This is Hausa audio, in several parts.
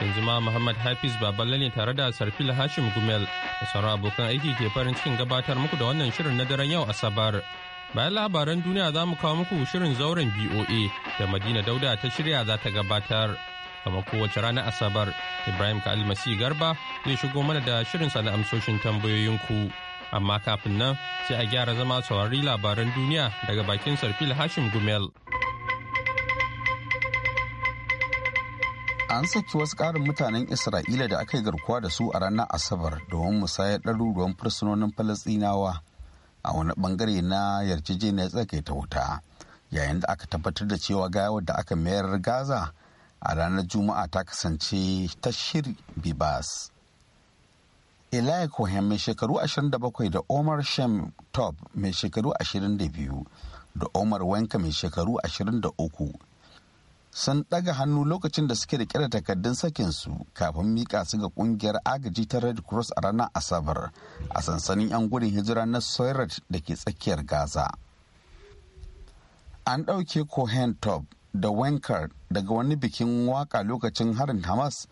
yanzu ma Muhammad Hafiz Baballe ne tare da Sarfil Hashim Gumel da sauran abokan aiki ke farin cikin gabatar muku da wannan shirin na daren yau Asabar. Bayan labaran duniya za mu kawo muku shirin zauren BOA da Madina Dauda ta shirya za ta gabatar. Kamar kowace ranar Asabar, Ibrahim Ka'al Masih Garba zai shigo mana da shirin na amsoshin tambayoyinku. Amma kafin nan sai a gyara zama saurari labaran duniya daga bakin Sarfil Hashim Gumel. an saki wasu ƙarin mutanen isra'ila da aka yi garkuwa da su a ranar asabar domin musayar ɗaruruwan fursunonin falasɗinawa a wani bangare na yarjejeniyar tsakaita wuta yayin da aka tabbatar da cewa gawar da aka mayar gaza a ranar juma'a ta kasance ta shiri bibas eli Cohen mai shekaru 27 da Omar Shem Top mai shekaru 22 da Omar Wanka mai shekaru 23 sun ɗaga hannu lokacin da suke da kira takardun sakin su kafin mika su ga kungiyar agaji ta red cross a ranar asabar a sansanin 'yan gudun hijira na soirat da ke tsakiyar gaza an ɗauke cohen top da wenkar daga wani bikin waka lokacin harin hamas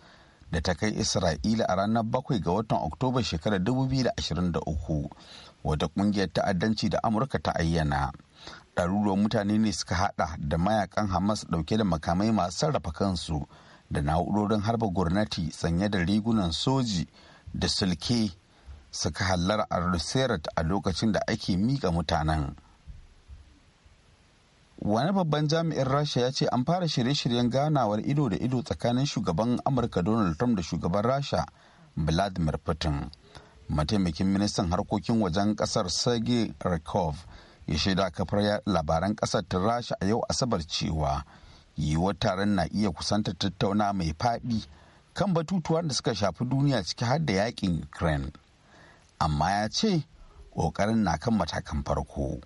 da ta kai isra'ila a ranar bakwai ga watan oktoba shekarar 2023 wata kungiyar ta'addanci da amurka ta ayyana ɗaruruwan mutane ne suka hada da mayakan hamas ɗauke da makamai masu sarrafa kansu da na'urorin harba gwamnati sanye da rigunan soji da sulke suka hallar a a lokacin da ake miƙa mutanen wani babban jami'in rasha ya ce an fara shirye-shiryen ganawar ido da ido tsakanin shugaban amurka donald trump da shugaban rasha vladimir putin mataimakin ministan harkokin wajen kasar sergei rikov ya shaida kafar labaran kasar ta rasha a yau asabar cewa yiwuwar taron na iya kusanta tattauna mai faɗi kan batutuwan da suka shafi duniya ciki har da yakin ukraine amma ya ce ƙoƙarin na kan matakan farko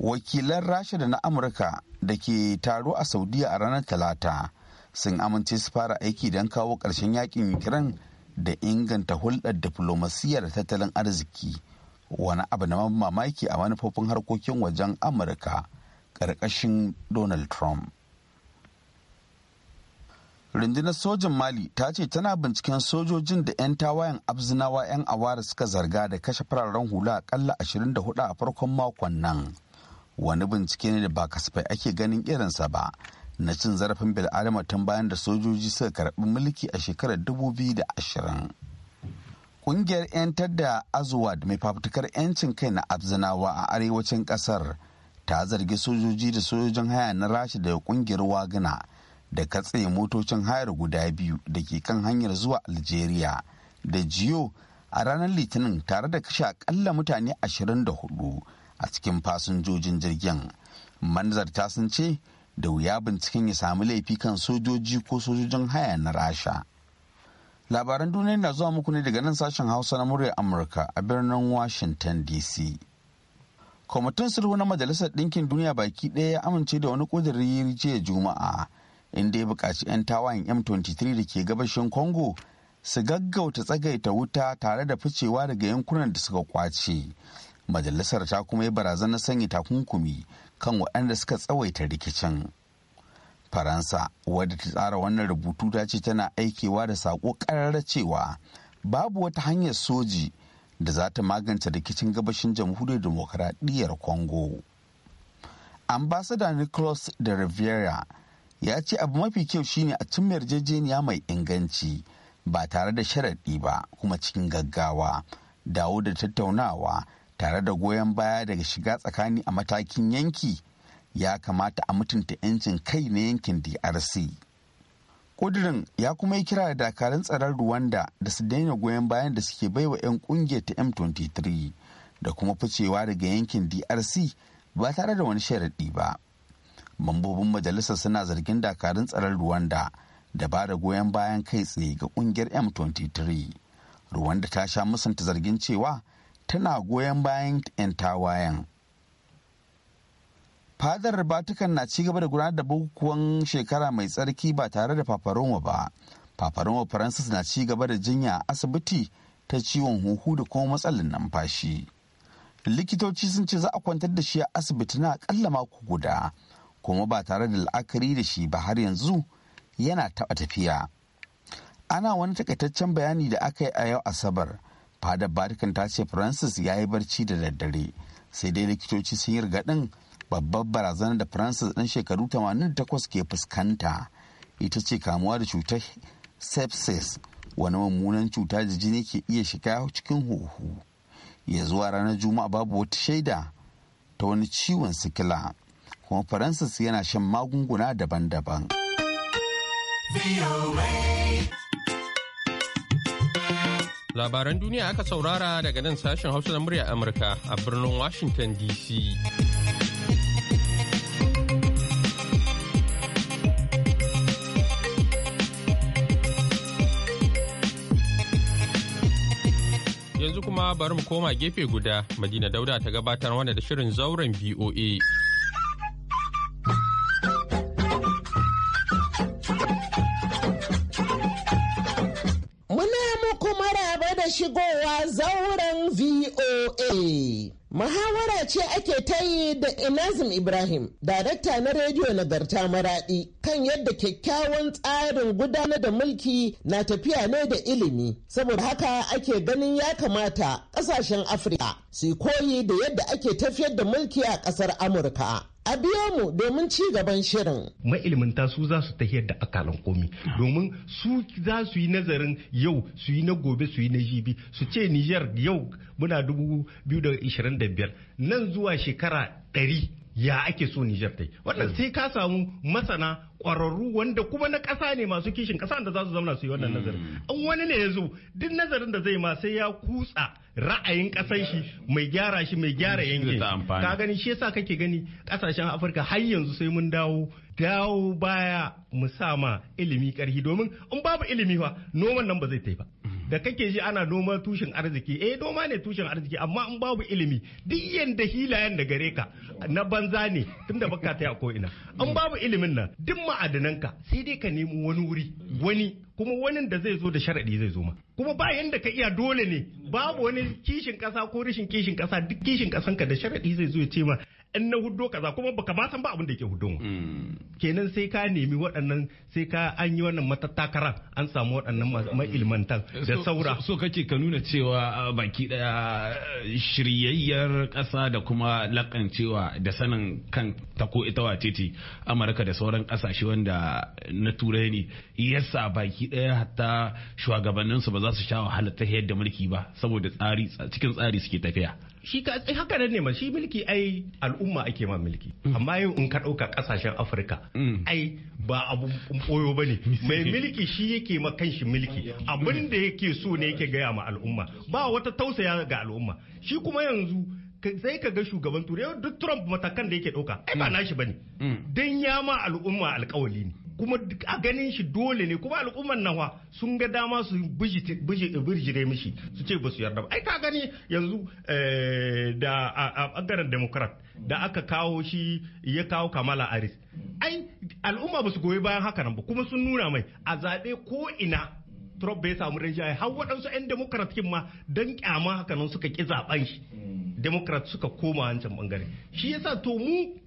wakilan rasha da na amurka da ke taro a saudiya a ranar talata sun amince su fara aiki don kawo ƙarshen yakin ukraine da inganta hulɗar diflomasiyyar tattalin arziki wani abu na mamaki a manufofin harkokin wajen amurka ƙarƙashin donald trump rundunar sojin mali ta ce tana binciken sojojin da 'yan tawayen abzinawa 'yan awara suka zarga da kashe fararen hula akalla 24 a farkon makon nan wani bincike ne da ba kasafai ake ganin irinsa ba na cin zarafin bil'adama tun bayan da sojoji suka karɓi mulki a shekarar 2020 Ƙungiyar 'yantar da Azuwad mai fafutukar 'yancin kai na Abzinawa a arewacin ƙasar ta zargi sojoji da sojojin haya na Rasha daga ƙungiyar Wagana da katse motocin hayar guda biyu da ke kan hanyar zuwa Algeria da jiyo a ranar Litinin tare da kashe akalla mutane 24 a cikin fasinjojin jirgin. ta sun ce da wuya binciken ya sami laifi kan sojoji ko sojojin haya na Rasha. labaran duniya na zuwa muku ne daga nan sashen hausa na murya amurka a birnin washington dc kwamitin sulhu na majalisar ɗinkin duniya baki ɗaya ya amince da wani ƙudurin jiya juma'a inda ya buƙaci 'yan tawayen m23 da ke gabashin congo su gaggauta tsagaita wuta tare da ficewa daga yankunan da suka kwace majalisar ta kuma yi barazanar sanya takunkumi kan waɗanda suka tsawaita rikicin faransa wadda ta tsara wannan rubutu ta ce tana aikewa da sako ƙararra cewa babu wata hanyar soji da za ta magance rikicin gabashin jamhuriyar demokaradiyyar congo ambasada nicholas da riviera ya ce abu mafi kyau shine a cin yarjejeniya mai inganci ba tare da sharaɗi ba kuma cikin gaggawa dawo da tattaunawa tare da goyon baya daga shiga tsakani a matakin yanki ya kamata a mutunta 'yancin kai na yankin drc ƙudurin ya kuma yi kira da dakarun tsaron rwanda da su daina goyon bayan da suke baiwa 'yan kungiyar ta m23 da kuma ficewa daga yankin drc ba tare da wani sharaɗi ba mambobin majalisar suna zargin dakarun tsaron rwanda da ba da goyon bayan kai tsaye ga kungiyar m23 rwanda ta sha musanta zargin cewa tana goyon bayan 'yan tawayen fadar batukan na ci gaba da gudanar da bukukuwan shekara mai tsarki ba tare da paparoma ba paparoma francis na ci gaba da jinya asibiti ta ciwon huhu da kuma matsalar numfashi likitoci sun ce za a kwantar da shi a asibiti na akalla mako guda kuma ba tare da la'akari da shi ba har yanzu yana taba tafiya ana wani takaitaccen bayani da aka yi a yau asabar fadar batukan ta ce francis ya yi barci da daddare sai dai likitoci sun yi rigaɗin babbar barazanar da faransa ɗan shekaru 88 ke fuskanta ita ce kamuwa da cutar sepsis wani mummunan cuta da jini ke iya shiga cikin huhu ya zuwa ranar juma'a babu wata shaida ta wani ciwon sikila kuma faransas yana shan magunguna daban-daban labaran duniya aka saurara daga nan sashen hausa na murya amurka a birnin washington dc kuma bari mu koma gefe guda Madina Dauda ta gabatar mana da shirin zauren BOA. Muna muku maraba da shigowa zauren VOA. Mahawara ce ake ta yi da Inazim Ibrahim, darakta na rediyo nagarta maraɗi, kan yadda kyakkyawan tsarin gudanar da mulki na tafiya ne da ilimi. Saboda haka ake ganin ya kamata ƙasashen Afirka su koyi da yadda ake tafiyar da mulki a ƙasar Amurka. a biyo mu domin ci gaban shirin. ta su za su tafiyar da akalan komi domin su za su yi nazarin yau su yi na gobe su yi na jibi su ce Nijar yau muna 2025 nan zuwa shekara ɗari ya ake so Nijar ta yi wannan hmm. sai ka samu masana kwararru wanda kuma na ƙasa ne masu kishin ƙasa da za su zama su yi wannan hmm. nazarin an wani ne ya zo duk nazarin da zai ma sai ya kutsa ra'ayin ƙasar shi mai gyara shi mai gyara hmm. yankin ka gani shi yasa kake gani ƙasashen afirka har yanzu sai mun dawo dawo baya mu sa ma ilimi ƙarfi domin in babu ilimi fa noman nan ba zai tai ba da kake ji ana noma tushen arziki eh noma ne tushen arziki amma in babu ilimi duk yanda hilayen da gare ka na banza ne tunda baka ta ko ina an babu ilimin nan duk ma'adanan ka sai dai ka nemi wani wuri wani kuma wani da zai zo da sharadi zai zo ma kuma ba yanda ka iya dole ne babu wani kishin kasa ko rashin kishin kasa duk kishin kasanka da sharadi zai zo ya ce ma in na hudu kaza kuma baka ba san ba abin da yake huddon hmm. kenan sai ka nemi waɗannan sai ka an yi wannan matattakara an samu waɗannan hmm. ma'ilmantan da saura so kake ka nuna cewa ah, baki daya shiryayyar ƙasa da kuma lakancewa da sanin kan ta ko ita wace ce amurka da sauran ƙasashe wanda na turai ne yasa baki daya hatta shugabanninsu ba za su sha wahala ta yadda mulki ba saboda tsari cikin tsari suke tafiya shi ka haka nan ne ma shi milki ai al'umma ake ma milki. Mm. amma yau in ka ɗauka kasashen afirka mm. ai ba abu koyo ba ne mai milki shi yake ma kanshi milki. abin da yake so ne yake gaya ma al'umma ba wata tausaya ga al'umma shi kuma yanzu sai ka ga shugaban turai duk trump matakan da yake ɗauka ai ba mm. nashi ba ne Dan ya ma al'umma alkawali ne kuma a ganin shi dole ne kuma al'ummar nawa sun ga dama su birjire mishi su ce ba su yarda ba ai ka gani yanzu eh, da a bangaren democrat da aka kawo shi ya kawo kamala aris ai al'umma ba su goyi bayan haka nan ba kuma sun nuna mai a zaɓe ko ina Trump bai samu rinjaye har waɗansu 'yan Democrat ma don kyama haka nan suka ki zaben shi. Hmm. Democrat suka koma wancan bangare. Shi yasa to mu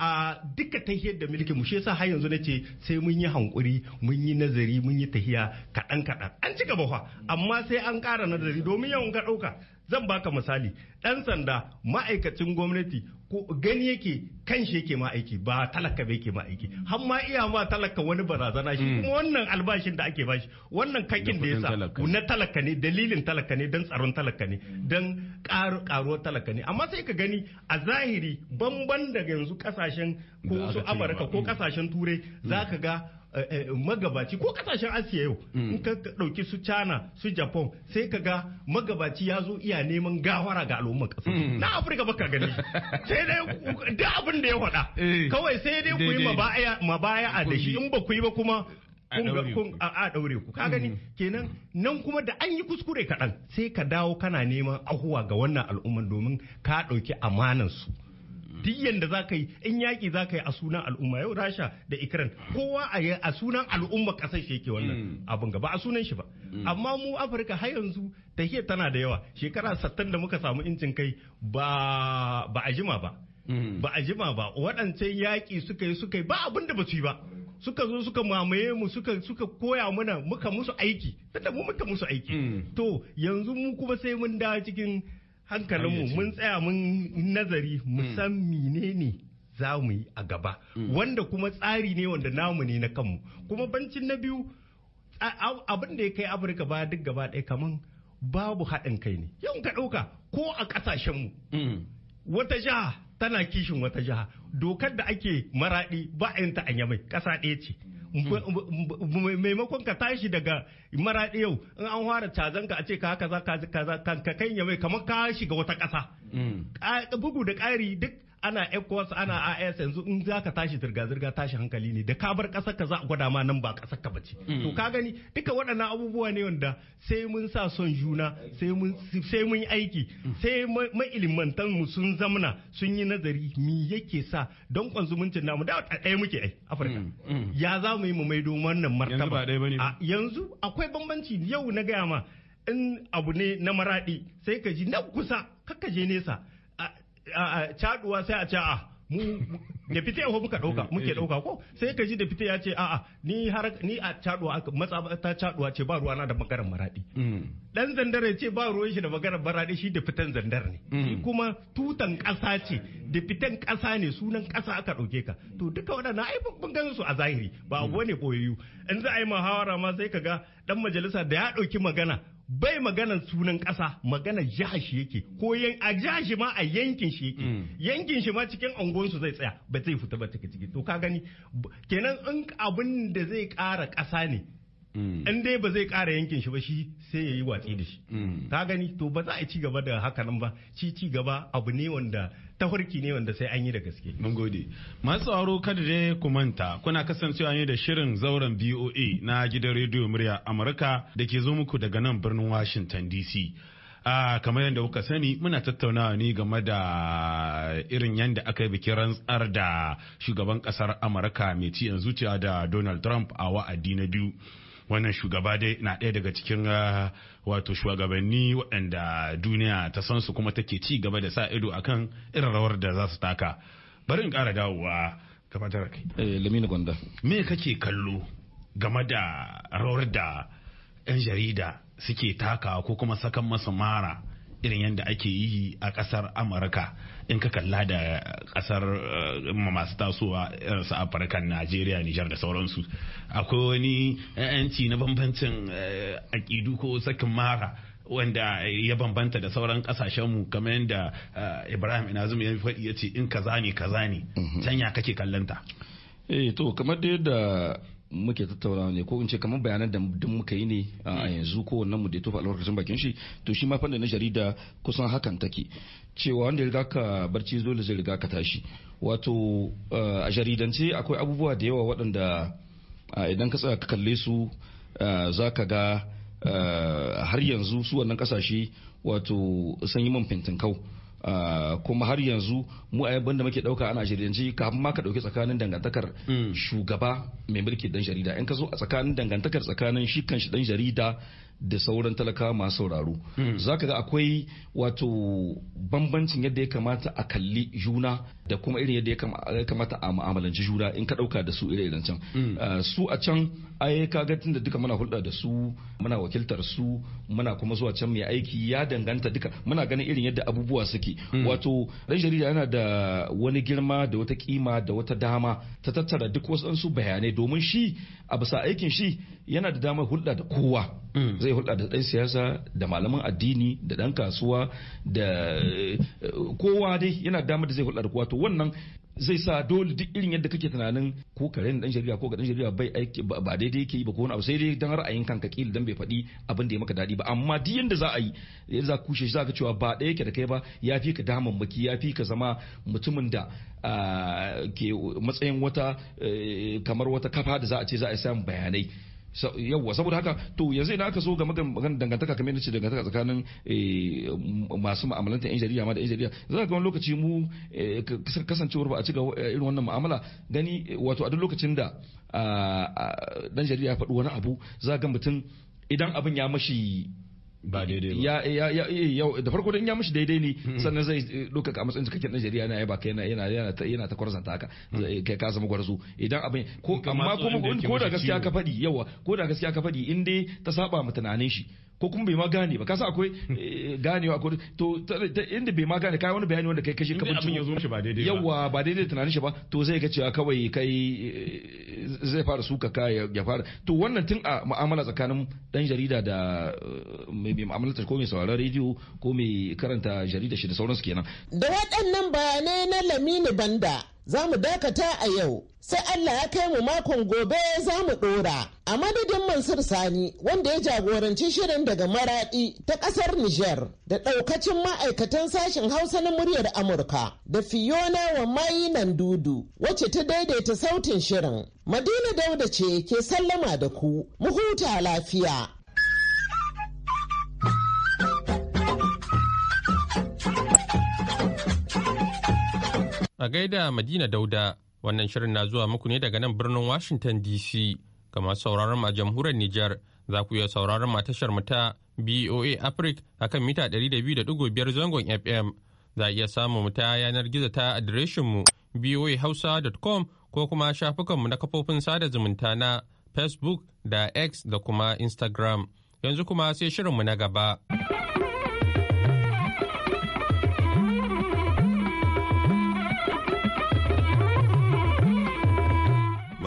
a duka tahiyar da mulki mu shi yasa har yanzu nace sai mun yi hankuri mun yi nazari mun yi tahiya kaɗan kaɗan an ci gaba fa amma sai an ƙara nazari domin yawan ga ɗauka zan baka misali ɗan sanda ma'aikacin gwamnati ko gani yake kan shi yake ma'aiki ba talaka ba yake ma'aiki har ma iya ma talaka wani barazana shi kuma mm. wannan albashin da ake bashi wannan kakin da yasa na talaka ne dalilin talaka ne dan tsaron talaka ne dan karuwar talaka ne amma sai ka gani a zahiri banban daga yanzu kasashen ko su amurka ko kasashen mm. turai za ka ga Eh, eh, magabaci ko kasashen asiya yau in mm. ka dauki su china su japan sai ka ga magabaci ya zo iya neman gawara ga al'umma mm. na afirka baka gani sai dai duk abin da ya faɗa eh. kawai sai dai ku yi mabaya a da shi in ba ku yi ba kuma a daure ku ka gani mm. kenan nan kuma da an yi kuskure kaɗan sai ka dawo kana neman ahuwa ga wannan al'umma domin ka ɗauki amanansu su duk da za ka yi in yaƙi za ka yi a sunan al'umma yau rasha da ikiran kowa a sunan al'umma ƙasar shi yake wannan mm. abin gaba a sunan shi ba mm. amma mu afirka har yanzu tahiyar tana da yawa shekara sattan da muka samu incin kai ba a jima ba mm. ba a jima ba waɗancan yaƙi suka yi suka yi ba abin da ba su yi ba suka zo suka mamaye mu suka suka koya mana muka musu aiki tunda mu muka musu aiki to yanzu mu kuma sai mun dawo cikin hankalinmu mun tsaya mun nazari mu hmm. san menene za mu yi a gaba hmm. wanda kuma tsari ne wanda namu ne na kanmu kuma bancin na biyu abin da ya kai afirka ba duk gaba ɗaya kaman babu haɗin kai ne yau ka ɗauka ko a mu. Hmm. wata jiha tana kishin wata jiha dokar da ake maraɗi ba a yanta a yamai ƙasa ɗaya ce Mm. maimakon ka tashi daga maraɗi yau in an fara cazan ka a ce ka kaza ka kai mai kamar ka shiga wata ƙasa mm. bugu da ƙari duk ana Ecos ana AS yanzu in za ka tashi zirga-zirga tashi hankali ne da ka bar ƙasar ka za a gwada ma nan ba ƙasar ka bace mm. to ka gani duka waɗannan abubuwa ne wanda sai mun sa son juna sai mun sai aiki mm. sai ma mailimantan mu sun zamana sun yi nazari mi yake sa don zumuncin namu da ɗaya muke ai Afirka mm, ya za mu yi mu maido wannan martaba yanzu akwai bambanci yau na gaya ma in abu ne na maraɗi sai ka ji na kusa kakka je nesa caduwa sai a ce a ah, mu da fite ko muka dauka muke dauka ko sai ka ji da fite ya ce a'a ah, ah, ni har ni a caduwa matsa ta caduwa ce ba ruwana da magaran maradi dan mm. zandar ya ce ba ruwan shi da magaran maradi shi da fitan zandar ne mm. kuma tutan kasa ce da fitan kasa ne sunan kasa aka dauke ka to duka waɗannan ai ban gan su a zahiri ba mm. abu ne koyoyu in za a yi muhawara ma sai ka ga dan majalisa da ya dauki magana bai maganar sunan ƙasa maganar jihar shi yake ko a jihar shi ma a yankin shi yake mm. yankin shi ma cikin angonsu zai tsaya ba zai fita ba take ciki to ka gani kenan in abin da zai ƙara ƙasa ne Mm. in dai ba zai ƙara yankin shi ba shi sai ya yi watsi da shi ta mm. gani to ba za a ci gaba da haka nan ba ci ci gaba abu ne wanda tafarki ne wanda sai an yi da gaske mun gode masu tsaro kada dai ku manta kuna kasancewa ne da shirin zauren BOA na gidan rediyo murya Amurka da ke zo muku daga nan birnin Washington DC a ah, kamar yadda kuka sani muna tattaunawa ne game da irin yadda aka yi bikin rantsar da shugaban kasar amurka mai ci yanzu da donald trump a wa'adi na biyu wannan shugaba dai na ɗaya daga cikin ah, wato shugabanni waɗanda duniya ta san su kuma take ci gaba da sa ido akan irin rawar da za su taka bari in ƙara dawowa kai eh, lamina gwanda me kake kallo game da rawar da 'yan jarida suke takawa ko kuma sakan masa mara irin yadda ake yi a kasar amurka in ka kalla da kasar eh, masu tasowa su afirka najeriya nijar da sauransu akwai wani 'yanci na bambancin eh, akidu ko sakin mara wanda ya bambanta da sauran kasashenmu kamar yadda eh, ibrahim inazum ya faɗi ya ce in kaza ne kaza ne can mm-hmm. ya kake kallanta eh to kamar da yadda muke tattaunawa ne ko in ce kamar bayanan da duk muka yi ne a mm. yanzu ko wannan mu da tofa albarkacin bakin shi to shi ma fanda na jarida kusan hakan take cewa wanda riga ka barci dole zai riga ka tashi wato a jaridance akwai abubuwa da yawa waɗanda idan ka tsaya ka kalle su za ka ga har yanzu su wannan kasashe wato sun yi man kau. Ah, kuma har yanzu mu a yabban da muke dauka ana shirye kafin ma ka dauki tsakanin dangantakar hmm. shugaba mai mulki dan jarida in ka zo a tsakanin dangantakar tsakanin shi kan dan jarida da sauran talaka masu sauraro hmm. za ka ga akwai wato bambancin yadda ya kamata a kalli juna da kuma irin yadda ya kamata a mu'amalanci jura in ka dauka da su irin can mm. ah, su a can ai ka ga tunda duka muna hulɗa da su muna wakiltar su muna kuma zuwa can mai aiki ya danganta duka muna ganin irin yadda abubuwa suke mm. wato ran jarida yana da wani girma da wata kima da wata dama ta tattara duk wasu bayanai domin shi a bisa aikin shi yana da damar hulɗa da kowa mm. zai hulɗa da ɗan siyasa da malaman addini da ɗan kasuwa da eh, kowa dai yana da damar da zai hulɗa da kowa to wannan zai sa dole duk irin yadda kake tunanin ko karen dan shari'a ko ga dan shari'a bai aiki ba daidai yake yi ba ko wani abu sai dai dan ra'ayin kanka kila dan bai faɗi abin da ya maka dadi ba amma duk yanda za a yi yadda za kushe shi za ka cewa ba ɗaya yake da kai ba ya fi ka damammaki ya fi ka zama mutumin da ke matsayin wata eh, kamar wata kafa da za a ce za a samu bayanai yawwa saboda haka to yanzu idan aka so ga magan dangantaka kamar yadda ce dangantaka tsakanin eh, masu ma'amalanta yan jarida ma da yan jarida za ka wani lokaci mu eh, kasancewar ba a ci gaba eh, irin wannan ma'amala gani wato a duk lokacin da ah, ah, dan jarida ya faɗi wani abu za ga mutum idan abin ya mashi ba daidai ba ya ya ya eh, da farko dan ya mushi daidai ne hmm. sannan zai doka eh, ka matsayin cikakken Najeriya na ya yaba kai yana yana yana ta yana ta haka hmm. kai ka zama gwarzo idan abin ko amma ko da gaskiya ka faɗi yawa ko da gaskiya ka faɗi in dai ta saba mu tunanin shi ko kuma bai ma gane ba kasa akwai eh, ganewa akwai to inda bai ma gane kai wani bayani wanda kai kashe kabin abin ya zo mishi ba daidai yawa ba daidai tunanin shi ba to zai ga cewa kawai kai eh, zai fara suka ka ya fara to wannan tun a mu'amala tsakanin dan jarida da eh, mai mu'amala ko mai sauraron rediyo ko mai karanta jarida shi da sauransu kenan da waɗannan bayanai na Lamini Banda za mu dakata a yau sai Allah ya kai mu makon gobe za mu ɗora. A madadin Mansur Sani wanda ya jagoranci shirin daga Maraɗi ta ƙasar Nijar da ɗaukacin ma'aikatan sashen Hausa na muryar Amurka da Fiona wa Mai dudu wacce ta daidaita sautin shirin. Madina Dauda ce ke sallama da ku, mu huta lafiya. A gaida Madina Dauda, wannan shirin na zuwa muku ne daga nan birnin Washington DC. Ga masu sauraron a jamhuriyar Nijar, za ku iya sauraron tashar mu ta BOA Africa a kan mita 200.5 zangon FM. Za a iya samun mu ta yanar gizo ta adireshin mu boahausa.com ko kuma mu na kafofin sada zumunta na Facebook da X da kuma Instagram. Yanzu kuma sai shirin mu na gaba.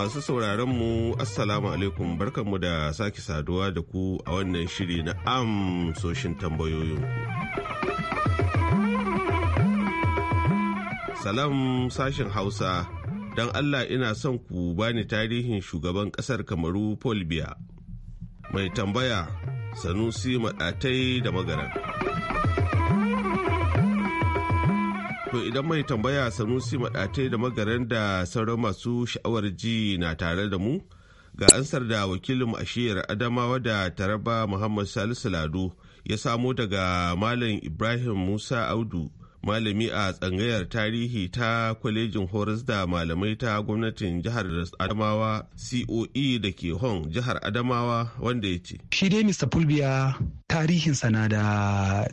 Masu sauraron mu Assalamu alaikum barkanmu da sake saduwa da ku a wannan shiri na amsoshin tambayoyin. Salam sashen Hausa, don Allah ina son ku bani tarihin shugaban kasar Kamaru Paul Biya. Mai tambaya Sanusi Maɗatai da magana To idan mai tambaya Sanusi Maɗatai da magaran da sauran masu sha'awar ji na tare da mu ga ansar da wakilin ashiyar Adamawa da Taraba Muhammad Salisu Lado ya samo daga Malam Ibrahim Musa Audu malami a tsangayar tarihi ta kwalejin horas da malamai ta gwamnatin jihar adamawa coe da ke hon jihar adamawa wanda ya ce shi dai mr fulbiya tarihinsa na da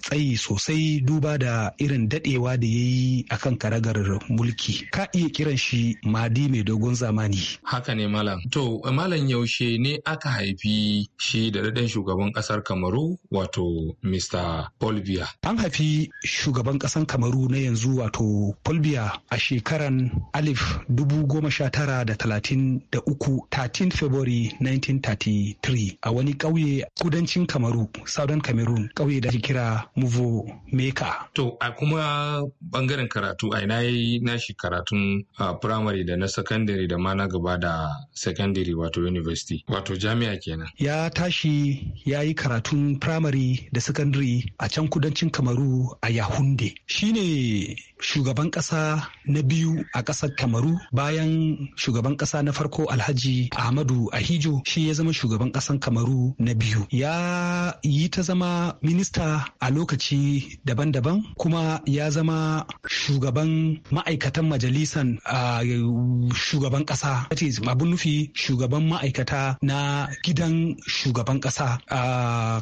tsayi sosai duba da irin dadewa da ya yi a kan karagar mulki ka iya kiran shi madi mai dogon zamani haka ne malam to malam yaushe ne aka haifi shi da daɗin shugaban ƙasar kamaru wato mr polvia an haifi shugaban ƙasar kamaru na yanzu wato polvia a shekaran alif dubu goma sha tara da talatin da uku 13 february 1933 a wani ƙauye kudancin kamaru sauran Cameroon ƙauye da ake kira Muvo Meka. To a kuma bangaren karatu a ina yi nashi karatun primary da na secondary da ma na gaba da secondary wato university wato jami'a kenan. Ya tashi ya yi karatun primary da secondary a can kudancin Kamaru a Yahunde. Shine shugaban ƙasa na biyu a ƙasar kamaru bayan shugaban ƙasa na farko alhaji ahmadu ahijo shi ya zama shugaban ƙasar kamaru na biyu ya yi ta zama minista a lokaci daban-daban kuma ya zama shugaban ma'aikatan majalisan shugaban ƙasa abin nufi shugaban ma'aikata na gidan shugaban ƙasa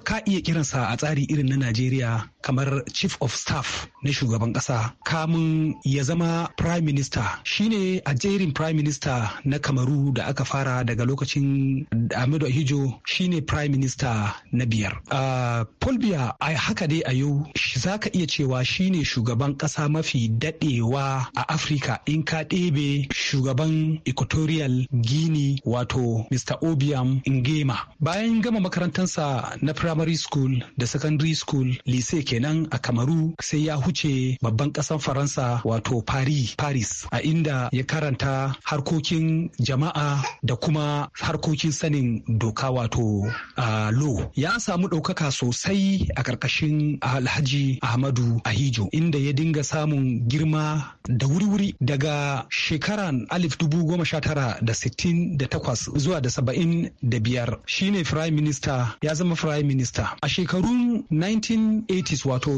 ka iya kiransa a tsari irin na najeriya kamar chief of staff na shugaban ƙasa ka samun ya zama prime minister shine a jerin prime minister na kamaru da aka fara daga lokacin amido hijo shine prime minister na biyar a paul biya a haka dai a yau za ka iya cewa shine shugaban ƙasa mafi dadewa a afirka in ka ɗebe shugaban equatorial guinea wato mr obiam ngema bayan gama makarantarsa na primary school da secondary school lise kenan a kamaru sai ya huce babban ƙasar faransa wato paris a inda ya karanta harkokin jama'a da kuma harkokin sanin doka wato uh, law ya samu ɗaukaka sosai a ƙarƙashin alhaji ahmadu ahijo inda ya dinga samun girma da wuri-wuri daga shekaran alif dubu goma sha tara da sittin da takwas zuwa da saba'in da biyar shine prime minister ya zama prime minister a shekarun 1980s wato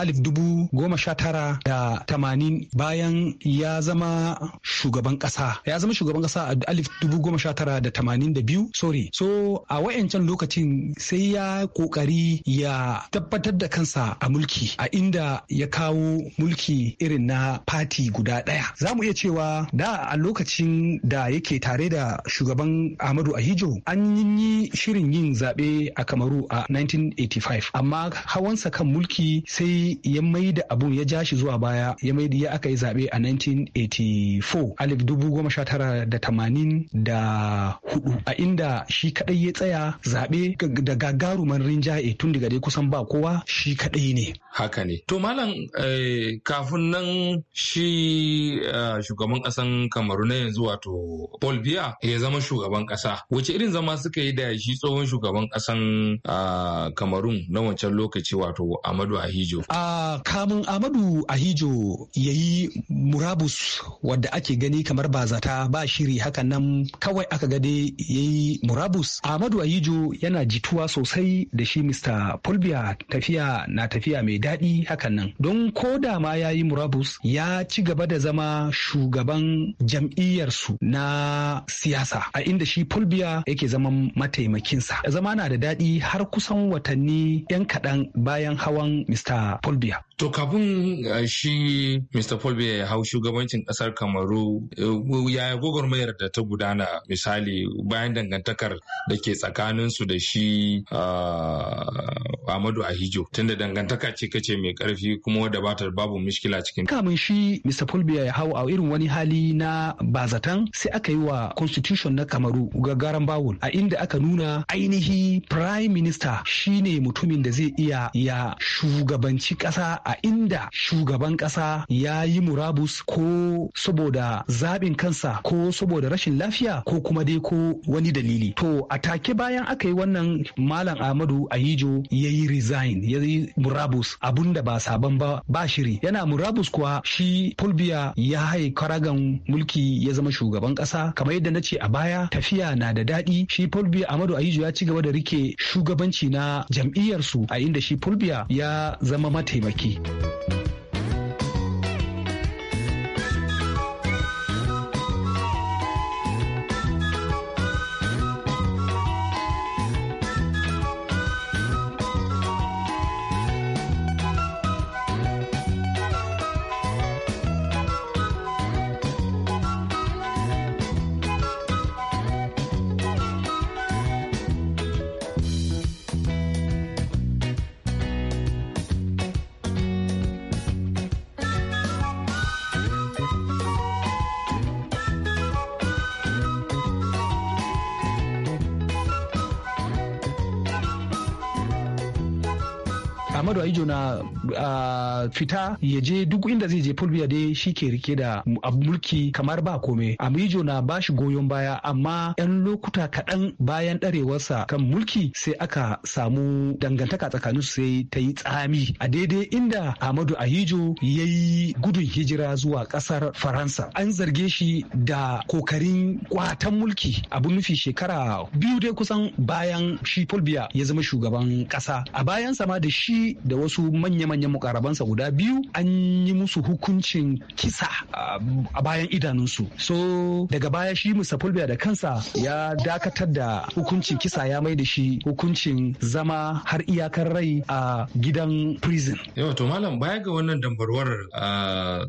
alif dubu goma sha tara da da tamanin bayan ya zama shugaban kasa ya zama shugaban kasa a alif dubu goma sha tara da tamanin da biyu sorry so a wayancan lokacin sai ya kokari ya tabbatar da kansa a mulki a inda ya kawo mulki irin na fati guda ɗaya za mu iya cewa da a lokacin da yake tare da shugaban ahmadu ahijo an yi shirin yin zaɓe a kamaru a 1985 amma hawansa kan mulki sai ya mai da abun ya ja shi zuwa baya ya mai ya aka yi zaɓe a 1984 alif dubu goma sha tara da tamanin da hudu a inda shi kaɗai ya tsaya zaɓe da gagaruman rinjaye tun daga dai kusan ba kowa shi kaɗai ne. Haka ne. To malam eh, kafin nan shi eh, shugaban ƙasan Kamaru na yanzu wato Paul Biya ya zama shugaban ƙasa. Wace irin zama suka yi da shi tsohon shugaban ƙasan ah, Kamarun na wancan lokaci wato Amadu Ahijo? Uh, kamun Amadu Ahijo hijo ya yi murabus wadda ake gani kamar ba zata ba shiri hakan nan kawai aka gade ya yi murabus. Ahmadu Ayijo yana jituwa sosai da shi Mr. Fulbiya tafiya na tafiya mai daɗi hakan nan. Don ko da ma ya yi murabus ya ci gaba da zama shugaban jam'iyyarsu na siyasa a inda shi Fulbiya yake zama mataimakinsa. Zama na da daɗi har kusan watanni 'yan kaɗan bayan hawan Mr. Fulbiya. To kafin eh, shi Mr. Paul ya hau shugabancin kasar Kamaru eh, yaya gwagwarmayar da ta gudana misali bayan dangantakar da ke tsakaninsu da shi ah, Ahmadu Ahijo tunda dangantaka ce kace mai karfi kuma wadda ba ta babu mishkila cikin. Kamin shi Mr. Paul ya hau a irin wani hali na bazatan sai aka yi wa constitution na Kamaru gagaran bawul a inda aka nuna ainihi prime minister shine mutumin da zai iya ya shugabanci kasa a inda shugaban ƙasa ya yi murabus ko saboda zaɓin kansa ko saboda rashin lafiya ko kuma dai ko wani dalili to a take bayan aka yi wannan malam ahmadu ayijo ya yi resign ya yi murabus abun da ba sabon ba ba shiri yana murabus kuwa shi fulbiya ya haye karagan mulki ya zama shugaban ƙasa kamar yadda na ce a baya tafiya na da daɗi shi fulbiya ahmadu ayijo ya ci gaba da rike shugabanci na jam'iyyarsu a inda shi fulbiya ya zama mataimaki Bye. fita ya je duk inda zai je fulbiya dai shi ke rike da mulki kamar ba kome amijo na ba shi goyon baya amma yan lokuta kaɗan bayan ɗarewarsa kan mulki sai aka samu dangantaka tsakanin su sai ta yi tsami a daidai inda amadu ahijo ya yi gudun hijira zuwa ƙasar faransa an zarge shi da kokarin kwatan mulki abu nufi shekara biyu dai kusan bayan shi fulbiya ya zama shugaban ƙasa a bayansa ma da shi da wasu manya-manyan mukarabansa guda guda biyu an yi musu hukuncin kisa a bayan idanunsu so daga baya shi musa da kansa ya dakatar da hukuncin kisa ya mai da shi hukuncin zama har iyakar rai a gidan prison yau to malam baya ga wannan dambarwar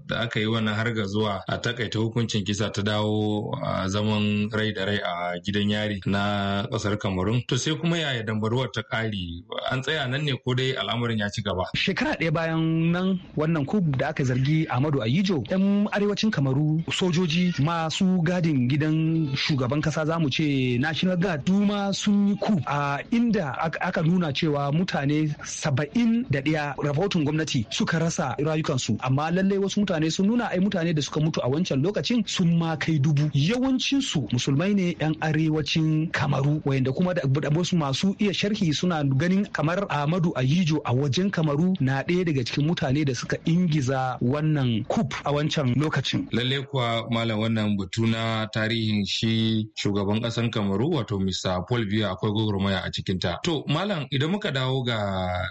da aka yi wannan har ga zuwa a takaita hukuncin kisa ta dawo zaman rai da rai a gidan yari na kasar kamarun to sai kuma yaya dambarwar ta kare an tsaya nan ne ko dai al'amarin ya ci gaba shekara ɗaya bayan sannan wannan kub da aka zargi ahmadu ayijo yan arewacin kamaru sojoji masu gadin gidan shugaban kasa za mu ce national guard duma sun yi kub a inda aka nuna cewa mutane saba'in da ɗaya rahoton gwamnati suka rasa rayukansu amma lallai wasu mutane sun nuna ai mutane da suka mutu a wancan lokacin sun ma kai dubu yawancinsu musulmai ne yan arewacin kamaru wayanda kuma da wasu masu iya sharhi suna ganin kamar ahmadu ayijo a wajen kamaru na ɗaya daga cikin mutane mutane da suka ingiza wannan kup a wancan lokacin. Lalle kuwa malam wannan batu na tarihin shi shugaban ƙasan Kamaru wato Mr. Paul Biya akwai gwagwarmaya a cikinta. To malam idan muka dawo ga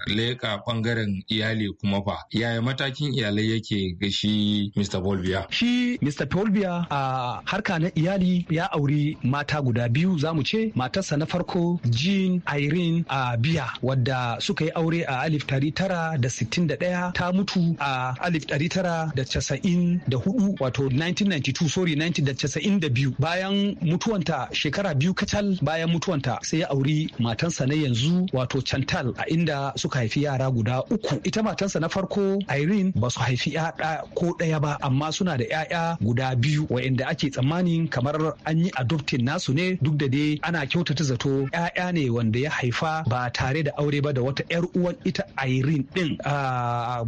leƙa ɓangaren iyali kuma fa yaya matakin iyalai yake ga shi Mr. Paul Biya? Shi Mr. Paul Biya a harka na iyali ya auri mata guda biyu za mu ce matarsa na farko Jean Irene a Biya wadda suka yi aure a alif tari tara da sittin da ɗaya ta ta mutu a alif ɗari tara da casa'in da hudu wato 1992 sorry 1992 bayan mutuwanta shekara biyu kacal bayan mutuwanta sai ya auri matansa na yanzu wato chantal a inda suka haifi yara guda uku ita matansa na farko irene ba su haifi yada ko ɗaya ba amma suna da 'ya'ya guda biyu wa'inda ake tsammanin kamar an yi adoptin nasu ne duk da dai ana kyautata zato 'ya'ya ne wanda ya haifa ba tare da aure ba da wata 'yar uwan ita irene din ah,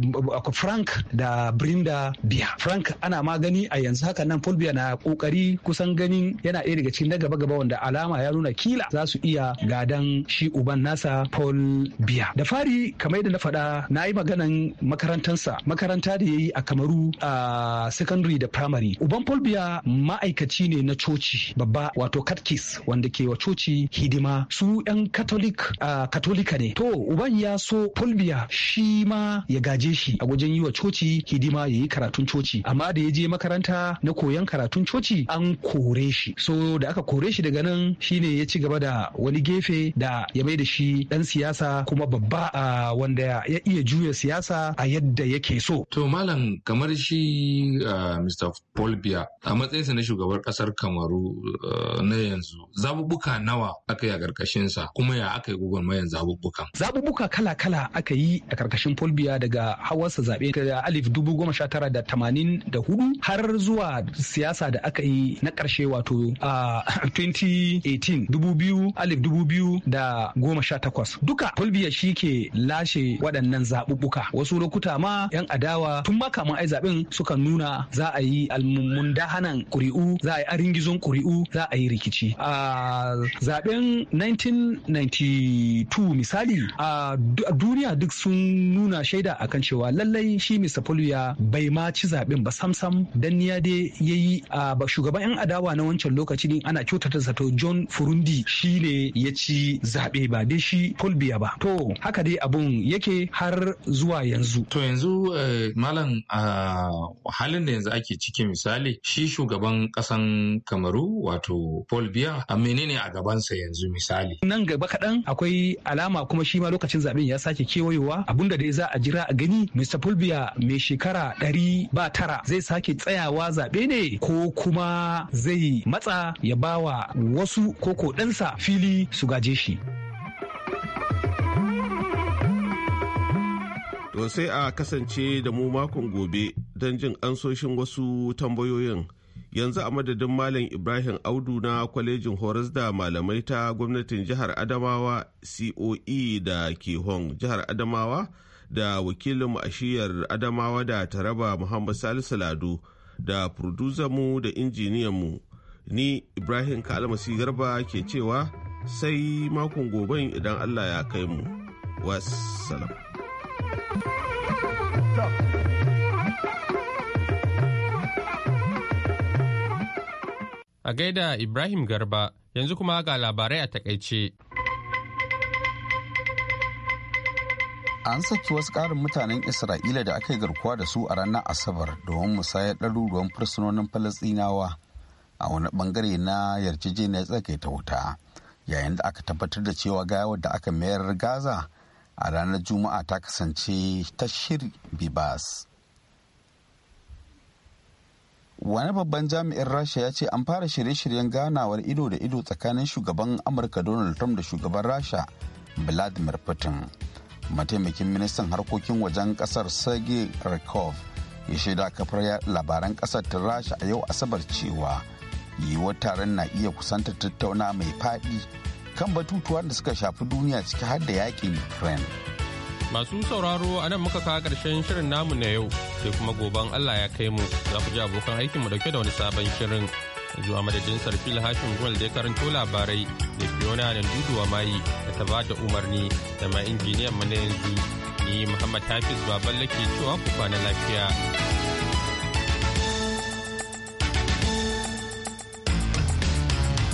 frank da brinda biya frank ana magani a yanzu haka nan fulbiya na kokari kusan ganin yana ɗaya daga cikin na gaba gaba wanda alama ya nuna kila za su iya gadan shi uban nasa paul da fari kamar yadda na faɗa na yi maganan makarantansa makaranta da ya yi a kamaru a secondary da primary uban paul ma'aikaci ne na coci babba wato katkis wanda ke wa coci hidima su yan katolik katolika ne to uban ya so paul shi ma ya gaje shi a wajen yi wa coci hidima ya yi karatun coci amma da ya je makaranta na koyon karatun coci an kore shi so da aka kore shi daga nan shine ya ci gaba da wani gefe da ya mai da shi dan siyasa kuma babba a wanda ya iya juya siyasa a yadda yake so to malam kamar shi mr paul biya a matsayinsa na shugabar kasar kamaru na yanzu zabubuka nawa aka yi a karkashinsa kuma ya aka yi gwagwarmayar zabubukan zabubuka kala-kala aka yi a karkashin paul biya daga hawarsa zaɓe ta alif dubu goma sha tara da tamanin da hudu har zuwa siyasa da aka yi na ƙarshe wato a 2018 dubu biyu alif dubu biyu da goma sha takwas duka fulbiya shi ke lashe waɗannan zaɓuɓɓuka wasu lokuta ma 'yan adawa tun ma kamar ai zaɓen suka nuna za a yi almummun ƙuri'u za a yi aringizon ƙuri'u za a yi rikici a zaɓen 1992 misali a duniya duk sun nuna shaida akan cewa cewa lallai shi Mr. Fulbiya bai ma ci zaɓen ba samsam dan niya dai yayi a shugaban 'yan adawa na wancan lokaci din ana kyautata zato John Furundi shi ne ya ci zaɓe ba dai shi Fulbiya ba. To haka dai abun yake har zuwa yanzu. To yanzu eh, malam a halin da yanzu ake ciki misali shi shugaban ƙasan Kamaru wato Paul Biya a menene a gabansa yanzu misali. Nan gaba kaɗan akwai alama kuma shi ma lokacin zaɓen ya sake kewayowa abunda dai za a jira a gani mista Mr. Fulbiya mai shekara ɗari ba tara zai sake tsayawa zaɓe ne ko kuma zai matsa ya bawa wasu koko ɗansa fili su gaje shi. To sai a kasance da mu makon gobe don jin ansoshin wasu tambayoyin. Yanzu a madadin Malam Ibrahim Audu na kwalejin horas da malamai ta gwamnatin jihar Adamawa COE da Kehon jihar Adamawa. da wakilin ashiyar adamawa da taraba muhammad salisu lado da mu da injiniyanmu ni ibrahim kalmasi garba ke cewa sai makon goben idan allah ya kai mu wassalam a gaida ibrahim garba yanzu kuma ga labarai a takaice an saki wasu ƙarin mutanen isra'ila da aka yi garkuwa da su a ranar asabar domin musayar ɗaruruwan fursunonin falasɗinawa a wani bangare na yarjejeniyar tsakaita wuta yayin da aka tabbatar da cewa gaya da aka mayar gaza a ranar juma'a ta kasance ta shiri bibas wani babban jami'in rasha ya ce an fara shirye-shiryen ganawar ido da ido tsakanin shugaban amurka donald trump da shugaban rasha vladimir putin mataimakin ministan harkokin wajen kasar sergei rakov ya shaida kafar labaran kasar ta rasha a yau asabar cewa yiwuwar taron na iya kusantar tattauna mai faɗi kan batutuwan da suka shafi duniya ciki har da yakin ukraine masu sauraro a nan muka kawo karshen shirin namu na yau sai kuma goben allah ya kai mu za ku ji abokan aikinmu dauke da wani sabon shirin zuwa madadin sarfil hashin gwal da ya karanto labarai da fiona na duduwa mayi da ta ba da umarni da ma injiniyan mu na yanzu ni muhammad hafiz baballe ke cewa ku kwana lafiya